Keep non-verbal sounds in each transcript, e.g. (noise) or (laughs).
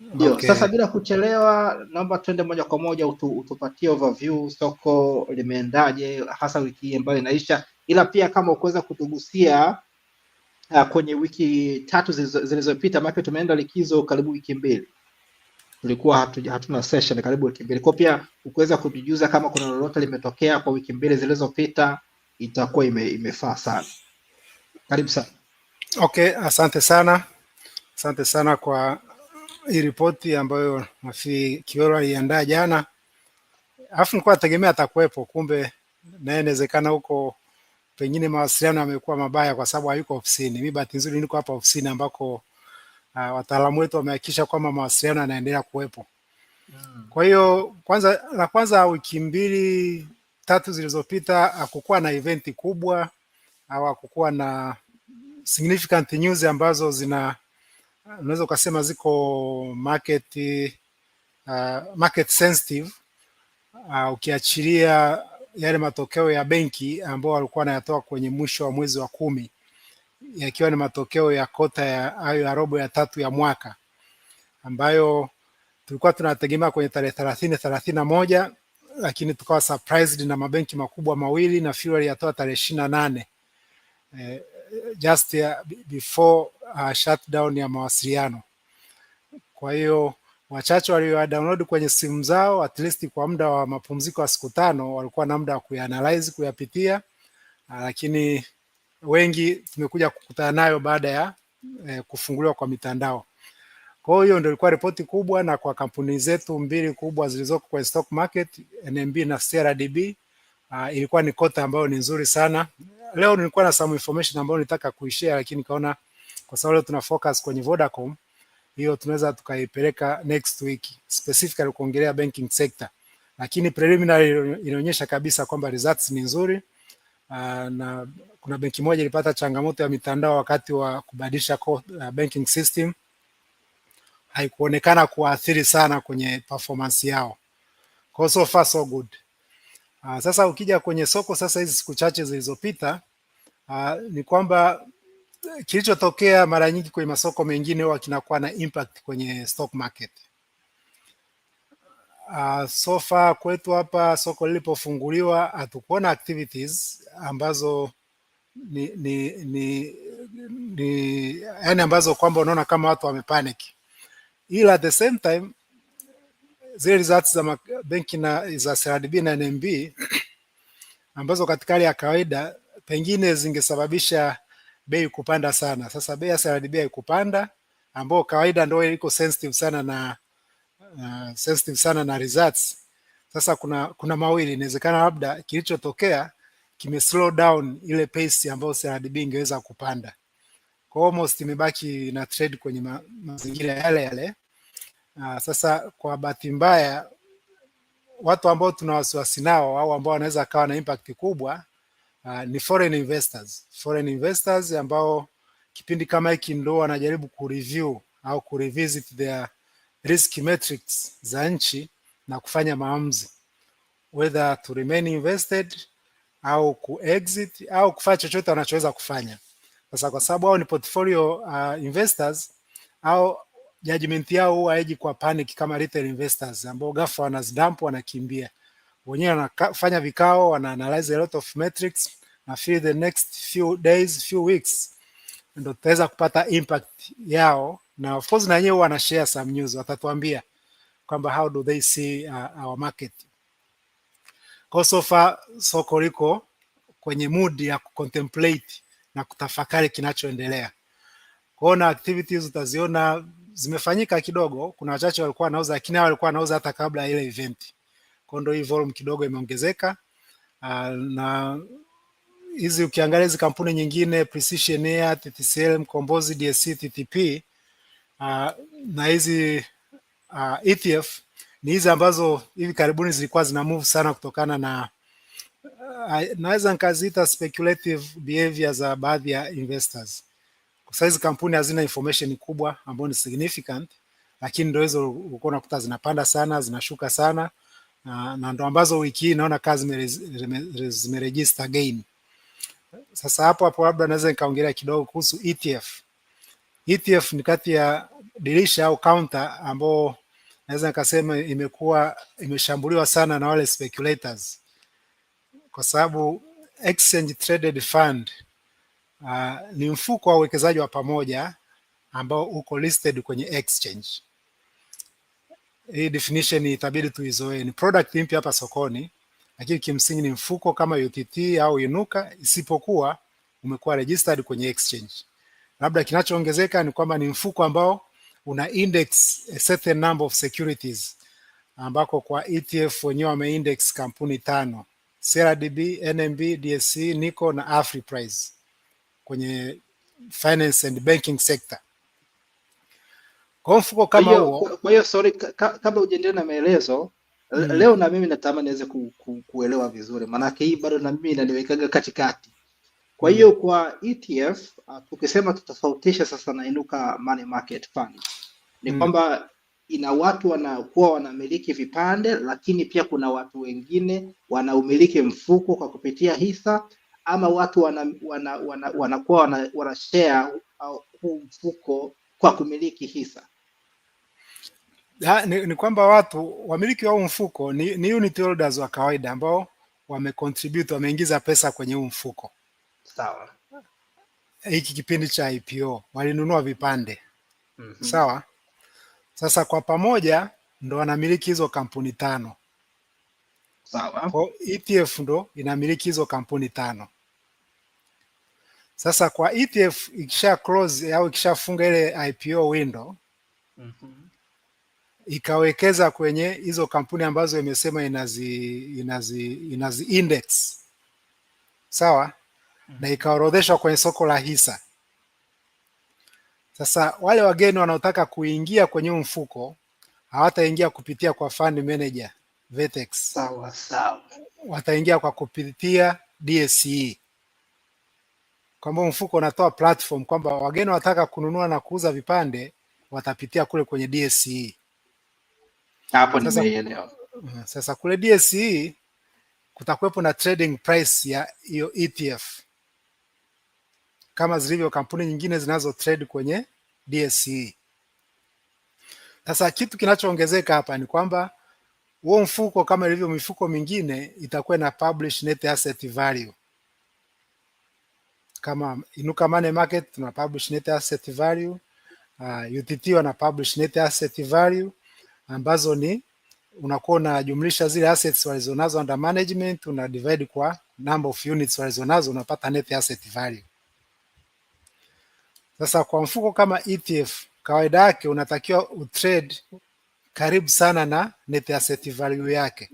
Ndio, okay. Sasa bila kuchelewa, naomba tuende moja kwa moja utu, utupatie overview soko limeendaje hasa wiki hii ambayo inaisha, ila pia kama ukuweza kutugusia uh, kwenye wiki tatu zilizopita, maana tumeenda likizo karibu wiki mbili, tulikuwa hatu, hatuna session karibu wiki mbili, kwa pia ukuweza kutujuza kama kuna lolote limetokea kwa wiki mbili zilizopita, itakuwa ime, imefaa sana. Karibu sana. Okay, asante sana, asante sana kwa hii ripoti ambayo Nafi Kiwero aliandaa jana, alafu nilikuwa nategemea atakuwepo, kumbe naye inawezekana huko pengine mawasiliano yamekuwa mabaya kwa sababu hayuko ofisini. Mimi bahati nzuri niko hapa ofisini ambako uh, wataalamu wetu wamehakikisha kwamba mawasiliano yanaendelea kuwepo. Mm. Kwa hiyo kwanza, la kwanza wiki mbili tatu zilizopita hakukuwa na eventi kubwa au hakukuwa na significant news ambazo zina unaweza ukasema ziko market, uh, market sensitive uh, ukiachilia yale matokeo ya benki ambao walikuwa wanayatoa kwenye mwisho wa mwezi wa kumi yakiwa ni matokeo ya kota ya ayo ya robo ya tatu ya mwaka ambayo tulikuwa tunategemea kwenye tarehe thelathini thelathini na moja lakini tukawa surprised na mabenki makubwa mawili na Fuel yatoa tarehe ishirini na nane. Eh, just uh, before uh, shutdown ya mawasiliano. Kwa hiyo wachache download kwenye simu zao at least kwa muda wa mapumziko ya siku tano walikuwa na muda wa kuyanalyze kuyapitia, ah, lakini wengi tumekuja kukutana nayo baada ya eh, kufunguliwa kwa mitandao. Kwa hiyo ndio ilikuwa ripoti kubwa, na kwa kampuni zetu mbili kubwa zilizoko kwenye stock market NMB na CRDB Uh, ilikuwa ni kota ambayo ni nzuri sana. Leo nilikuwa na some information ambayo nilitaka kuishare, lakini kaona kwa sababu leo tuna focus kwenye Vodacom, hiyo tunaweza tukaipeleka next week specifically kuongelea banking sector, lakini preliminary inaonyesha kabisa kwamba results ni nzuri. Uh, na kuna benki moja ilipata changamoto ya mitandao wakati wa kubadilisha uh, banking system haikuonekana kuathiri sana kwenye performance yao. Kwa so far so good. Uh, sasa ukija kwenye soko sasa hizi siku chache zilizopita, uh, ni kwamba eh, kilichotokea mara nyingi kwenye masoko mengine huwa kinakuwa na impact kwenye stock market. Uh, ah, sofa kwetu hapa soko lilipofunguliwa hatukuona activities ambazo ni, ni, ni, ni yani ambazo kwamba unaona kama watu wamepanic, ila at the same time zile results za benki na za CRDB na NMB ambazo katika hali ya kawaida pengine zingesababisha bei kupanda sana. Sasa bei ya CRDB haikupanda, ambayo kawaida ndio iko sensitive sana na uh, sensitive sana na results. Sasa kuna kuna mawili, inawezekana labda kilichotokea kime slow down ile pace ambayo CRDB ingeweza kupanda, kwa almost imebaki na trade kwenye ma, mazingira yale yale Uh, sasa kwa bahati mbaya watu ambao tuna wasiwasi nao au ambao wanaweza akawa na impact kubwa uh, ni foreign investors. Foreign investors ambao kipindi kama hiki ndo wanajaribu kureview au kurevisit their risk metrics za nchi na kufanya maamuzi whether to remain invested au ku exit au kufanya chochote wanachoweza kufanya. Sasa kwa sababu hao ni portfolio uh, investors au judgment yao huwa haiji kwa panic kama retail investors ambao ghafla wanazidamp wanakimbia. Wenyewe wanafanya vikao, wana analyze a lot of metrics na feel the next few days, few weeks ndio tutaweza kupata impact yao, na of course na wenyewe wana share some news, watatuambia kwamba how do they see uh, our market. Kwa so far soko liko kwenye mood ya kucontemplate na kutafakari kinachoendelea. Kwaona activities utaziona zimefanyika kidogo, kuna wachache walikuwa wanauza, lakini hao walikuwa wanauza hata kabla ya ile event. Kwa ndio hii volume kidogo imeongezeka. Uh, na hizi ukiangalia hizi kampuni nyingine Precision Air, TTCL, Mkombozi, DSC, TTP uh, ah, na hizi uh, ah, ETF ni hizi ambazo hivi karibuni zilikuwa zina move sana kutokana na uh, naweza nikaziita speculative behavior za baadhi ya investors. Kwa saizi kampuni hazina information kubwa ambayo ni significant, lakini ndio hizo ulikuwa unakuta zinapanda sana zinashuka sana na, na ndo ambazo wiki hii naona kazi zimerejista gain. Sasa hapo hapo labda naweza nikaongelea kidogo kuhusu ETF. ETF ni kati ya dirisha au counter ambao naweza nikasema imekuwa imeshambuliwa sana na wale speculators, kwa sababu exchange traded fund uh, ni mfuko wa uwekezaji wa pamoja ambao uko listed kwenye exchange. Hii definition itabidi tuizoee, ni product mpya hapa sokoni, lakini kimsingi ni mfuko kama UTT au Inuka, isipokuwa umekuwa registered kwenye exchange. Labda kinachoongezeka ni kwamba ni mfuko ambao una index a certain number of securities ambako kwa ETF wenyewe wameindex kampuni tano: CRDB, NMB, DSE, NICO na Afriprice kwenye finance and banking sector. Kwa mfuko kama huo. Kwa hiyo sorry, kabla hujaendelea na maelezo mm. Leo na mimi natamani niweze ku, ku, kuelewa vizuri, maanake hii bado na mimi inaniwekaga katikati. Kwa hiyo mm. Kwa ETF uh, tukisema tutofautisha sasa na inuka money market fund ni mm. kwamba ina watu wanakuwa wanamiliki vipande, lakini pia kuna watu wengine wanaumiliki mfuko kwa kupitia hisa ama watu wanakuwa wana, wana, wana, wana, wana share huu mfuko kwa kumiliki hisa ha, ni, ni kwamba watu wamiliki wa huu mfuko ni, ni unit holders wa kawaida ambao wamecontribute wameingiza pesa kwenye huu mfuko sawa. Hiki kipindi cha IPO walinunua vipande mm -hmm. Sawa, sasa kwa pamoja ndo wanamiliki hizo kampuni tano. Sawa, kwa ETF ndo inamiliki hizo kampuni tano. Sasa kwa ETF ikisha close au ikishafunga ile IPO window mm -hmm. ikawekeza kwenye hizo kampuni ambazo imesema inazi, inazi, inazi index sawa mm -hmm. na ikaorodheshwa kwenye soko la hisa. Sasa wale wageni wanaotaka kuingia kwenye mfuko hawataingia kupitia kwa fund manager Vetex. Sawa sawa, wataingia kwa kupitia DSE kwamba mfuko unatoa platform kwamba wageni wataka kununua na kuuza vipande watapitia kule kwenye DSE. Hapo nimeelewa. Sasa kule DSE kutakuwepo na trading price ya hiyo ETF kama zilivyo kampuni nyingine zinazo trade kwenye DSE. Sasa kitu kinachoongezeka hapa ni kwamba huo mfuko kama ilivyo mifuko mingine itakuwa na publish net asset value kama Inuka Money Market tuna publish net asset value uh, ah, UTT wana publish net asset value ambazo ni unakuwa unajumlisha zile assets walizonazo under management, una divide kwa number of units walizonazo, unapata net asset value. Sasa kwa mfuko kama ETF kawaida yake unatakiwa utrade karibu sana na net asset value yake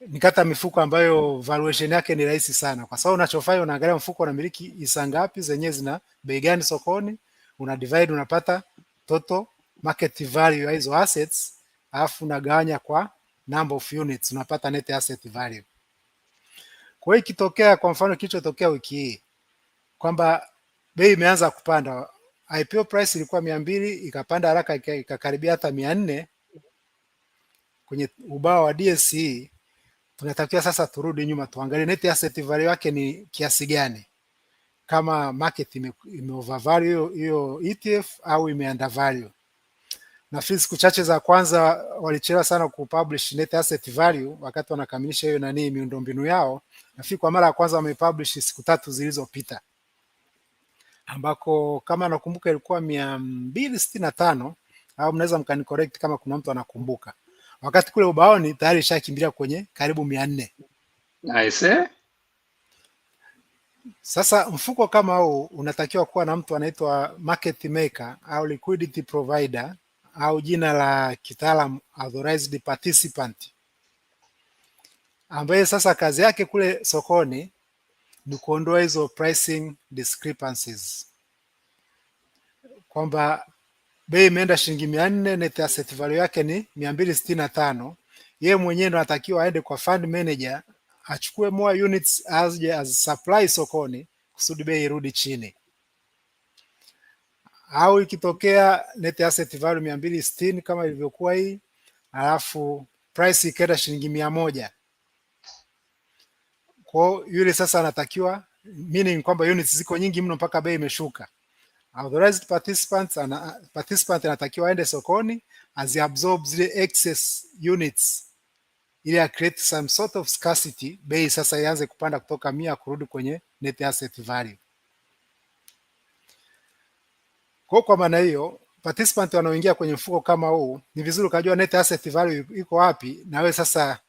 nikata mifuko ambayo valuation yake ni rahisi sana, kwa sababu unachofanya unaangalia mfuko unamiliki hisa ngapi, zenyewe zina bei gani sokoni, una divide unapata total market value ya hizo assets, alafu unagawanya kwa number of units, unapata net asset value. Kwa hiyo ikitokea kwa mfano kilichotokea wiki hii kwamba bei imeanza kupanda, IPO price ilikuwa mia mbili ikapanda haraka ikakaribia hata mia nne kwenye ubao wa DSE tunatakiwa sasa turudi nyuma tuangalie net asset value yake ni kiasi gani, kama market ime, ime overvalue hiyo ETF au ime undervalue. Na fees siku chache za kwanza walichelewa sana kupublish net asset value wakati wanakamilisha hiyo nani miundombinu yao. Nafikiri kwa mara ya kwanza wamepublish siku tatu zilizopita, ambako kama nakumbuka ilikuwa mia mbili sitini na tano au mnaweza mkanicorrect kama kuna mtu anakumbuka wakati kule ubaoni tayari ishakimbilia kwenye karibu mia nne. Nice. Sasa mfuko kama huu unatakiwa kuwa na mtu anaitwa market maker au liquidity provider au jina la kitaalam authorized participant, ambaye sasa kazi yake kule sokoni ni kuondoa hizo pricing discrepancies, kwamba bei imeenda shilingi mia nne, net asset value yake ni mia mbili sitini na tano. Yeye mwenyewe ndo anatakiwa aende kwa fund manager achukue more units as, as supply sokoni kusudi bei irudi chini, au ikitokea net asset value mia mbili sitini kama ilivyokuwa hii, alafu price ikaenda shilingi mia moja kwao, yule sasa anatakiwa meaning kwamba units ziko nyingi mno mpaka bei imeshuka Authorized participants ana, participant anatakiwa aende sokoni as he absorbs the excess units ili ya create some sort of scarcity, bei sasa ianze kupanda kutoka mia kurudi kwenye net asset value. Kwa kwa maana hiyo participant wanaoingia kwenye mfuko kama huu ni vizuri ukajua net asset value iko wapi, na wewe sasa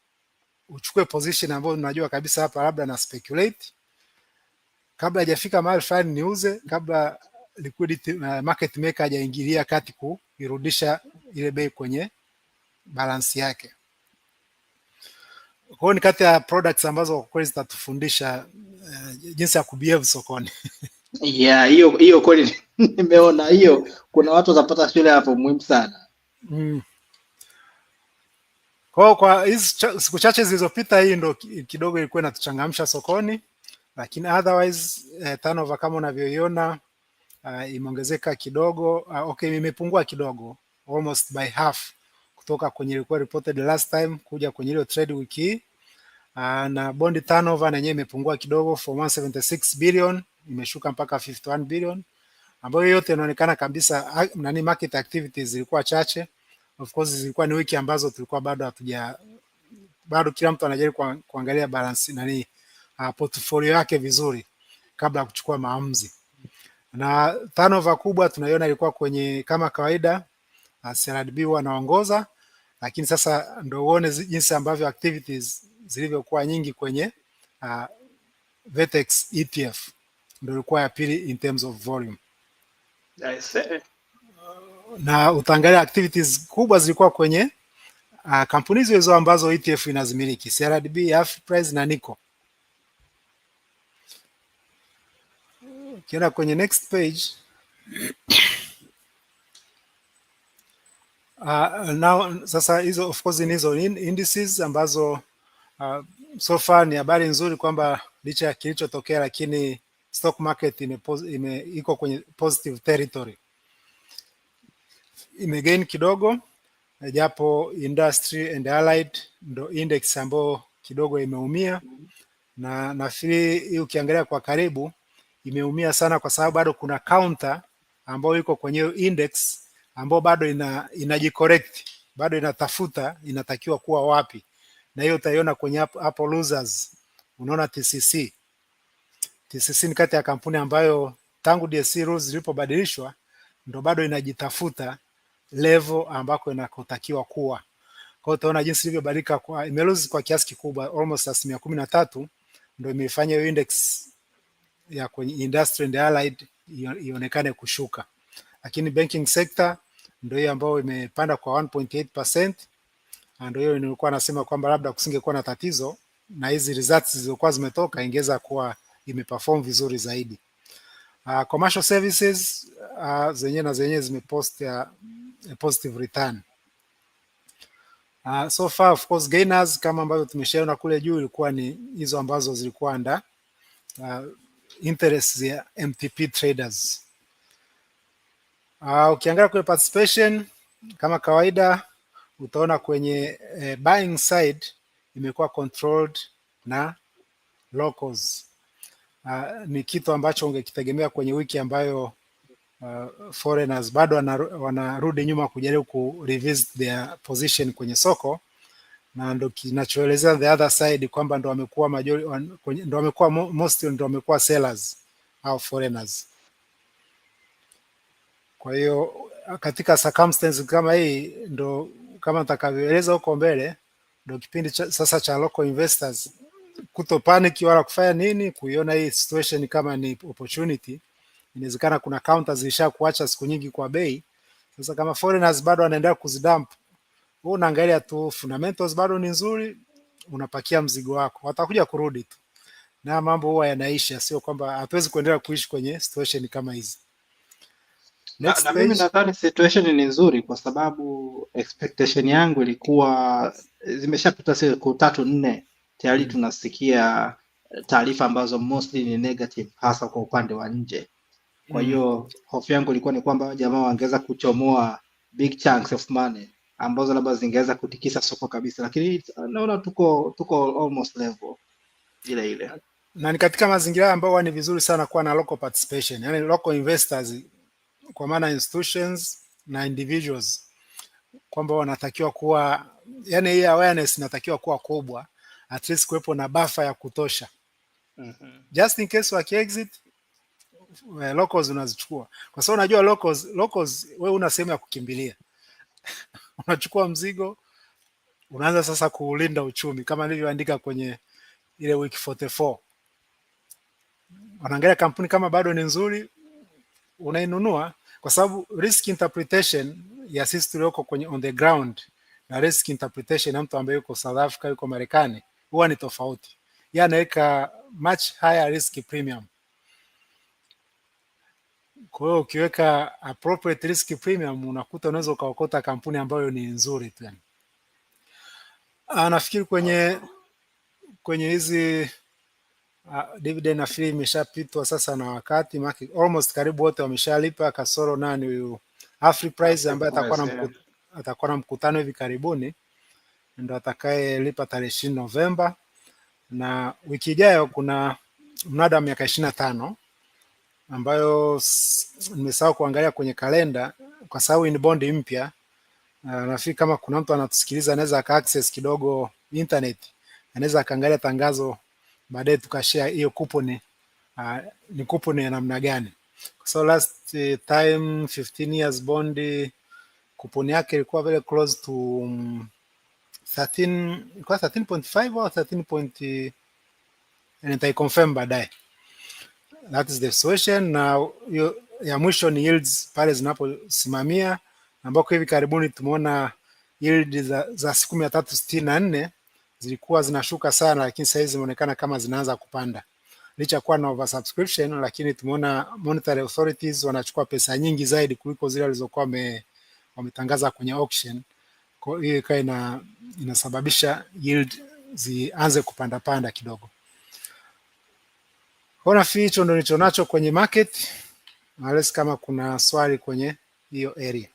uchukue position ambayo unajua kabisa hapa labda na speculate kabla hajafika mahali fulani niuze, kabla liquidity na uh, market maker hajaingilia kati kuirudisha ile bei kwenye balance yake. Kwa hiyo ni kati ya products ambazo kwa kweli zitatufundisha uh, jinsi ya kubehave sokoni. (laughs) Yeah, hiyo hiyo kweli (laughs) nimeona hiyo, kuna watu watapata shule hapo muhimu sana mm. Kwa kwa hizi siku chache zilizopita, hii ndo kidogo ilikuwa inatuchangamsha sokoni, lakini otherwise eh, turnover kama unavyoiona uh, imeongezeka kidogo uh, okay, imepungua kidogo almost by half kutoka kwenye ilikuwa reported last time kuja kwenye ile trade week hii uh, ah, na bond turnover na yenyewe imepungua kidogo from 176 billion imeshuka mpaka 51 billion, ambayo yote inaonekana kabisa nani, market activities zilikuwa chache. Of course zilikuwa ni wiki ambazo tulikuwa bado hatuja bado kila mtu anajaribu kuangalia balance nani, uh, portfolio yake vizuri kabla ya kuchukua maamuzi na tanova kubwa tunaiona ilikuwa kwenye kama kawaida CRDB wanaongoza, lakini sasa ndio uone jinsi ambavyo activities zilivyokuwa nyingi kwenye uh, ah, Vetex ETF ndio ilikuwa ya pili in terms of volume. I see. Na utaangalia activities kubwa zilikuwa kwenye uh, kampuni hizo hizo ambazo ETF inazimiliki CRDB, Afprise na Nico Ukienda kwenye next page uh, now sasa hizo of course ni hizo indices ambazo uh, so far ni habari nzuri kwamba licha ya kilichotokea, lakini stock market ime, ime, iko kwenye positive territory, imegain kidogo, japo industry and allied ndo index ambayo kidogo imeumia, na nafikiri ukiangalia kwa karibu imeumia sana kwa sababu bado kuna counter ambayo iko kwenye index ambayo bado ina, inajicorrect bado inatafuta inatakiwa kuwa wapi, na hiyo utaiona kwenye hapo losers. Unaona TCC, TCC ni kati ya kampuni ambayo tangu DSE rules zilipobadilishwa ndo bado inajitafuta level ambako inakotakiwa kuwa. Kwa hiyo utaona jinsi ilivyobadilika, kwa imelose kwa kiasi kikubwa, almost asilimia kumi na tatu ndo imeifanya hiyo index ya kwenye industry and allied ionekane kushuka, lakini banking sector ndio hiyo ambayo imepanda kwa 1.8%, ndio hiyo nilikuwa nasema kwamba labda kusingekuwa na tatizo na hizi results zilizokuwa zimetoka ingeweza kuwa imeperform vizuri zaidi. Uh, commercial services uh, ah, zenyewe na zenyewe zimepost a positive return. Uh, so far of course gainers kama ambavyo tumeshaona kule juu ilikuwa ni hizo ambazo zilikuwa nda uh, interest ya MTP traders. Uh, ukiangalia kwenye participation kama kawaida utaona kwenye eh, buying side imekuwa controlled na locals. Uh, ni kitu ambacho ungekitegemea kwenye wiki ambayo uh, foreigners bado wanarudi nyuma kujaribu ku revisit their position kwenye soko na ndo kinachoelezea the other side kwamba ndo wamekuwa majority, ndo wamekuwa most ndo wamekuwa sellers au foreigners. Kwa hiyo katika circumstances kama hii ndo kama nitakavyoeleza huko mbele, ndo kipindi cha, sasa cha local investors kuto panic wala kufanya nini, kuiona hii situation kama ni opportunity. Inawezekana kuna counters zilisha siku nyingi kwa bei. Sasa kama foreigners bado wanaendelea kuzidump wewe unaangalia tu fundamentals bado ni nzuri, unapakia mzigo wako, watakuja kurudi tu na mambo huwa yanaisha, sio kwamba hatuwezi kuendelea kuishi kwenye situation kama hizi. Next na, na mimi nadhani situation ni nzuri kwa sababu expectation yangu ilikuwa zimeshapita siku tatu nne tayari mm. tunasikia taarifa ambazo mostly ni negative hasa kwa upande wa nje. Kwa mm. hiyo mm, hofu yangu ilikuwa ni kwamba jamaa wangeweza kuchomoa big chunks of money ambazo labda zingeweza kutikisa soko kabisa, lakini naona tuko tuko almost level ile ile, na ni katika mazingira ambayo ni vizuri sana kuwa na local participation, yani local investors kwa maana institutions na individuals, kwamba wanatakiwa kuwa yani, hii awareness inatakiwa kuwa kubwa, at least kuwepo na buffer ya kutosha mm -hmm. just in case waki exit eh, locals unazichukua, kwa sababu unajua locals, locals wewe una sehemu ya kukimbilia (laughs) unachukua mzigo, unaanza sasa kuulinda uchumi kama nilivyoandika kwenye ile week 44. Wanaangalia kampuni kama bado ni nzuri, unainunua kwa sababu risk interpretation ya sisi tulioko kwenye on the ground na risk interpretation ya mtu ambaye yuko South Africa, yuko Marekani huwa ni tofauti. Yeye anaweka much higher risk premium. Kwa hiyo ukiweka appropriate risk premium unakuta unaweza ukaokota kampuni ambayo ni nzuri pia. Ah, nafikiri kwenye kwenye hizi uh, dividend nafikiri imeshapitwa sasa na wakati maki, almost karibu wote wameshalipa kasoro nani huyu Afriprise ambaye atakuwa na atakuwa na mkutano hivi karibuni ndo atakayelipa tarehe ishirini Novemba na wiki ijayo kuna mnada wa miaka ishirini na tano ambayo nimesahau kuangalia kwenye kalenda kwa sababu bond mpya. Uh, nafikiri kama kuna mtu anatusikiliza anaweza aka access kidogo internet, anaweza akaangalia tangazo baadaye tukashare hiyo kuponi uh, ah, ni kuponi ya namna gani, kwa sababu last eh, time 15 years bond kuponi yake ilikuwa vile close to 13 kwa 13.5 au 13 point, eh, confirm baadaye that is the solution. Na ya mwisho ni yields pale zinaposimamia ambako hivi karibuni tumeona yield za, za siku mia tatu sitini na nne zilikuwa zinashuka sana, lakini sasa hizi zimeonekana kama zinaanza kupanda licha kuwa na oversubscription, lakini tumeona monetary authorities wanachukua pesa nyingi zaidi kuliko zile walizokuwa wametangaza kwenye auction. Kwa hiyo ikawa ina, inasababisha yield zianze kupandapanda kidogo. Nafikiri hicho ndo nacho kwenye market, unless kama kuna swali kwenye hiyo area.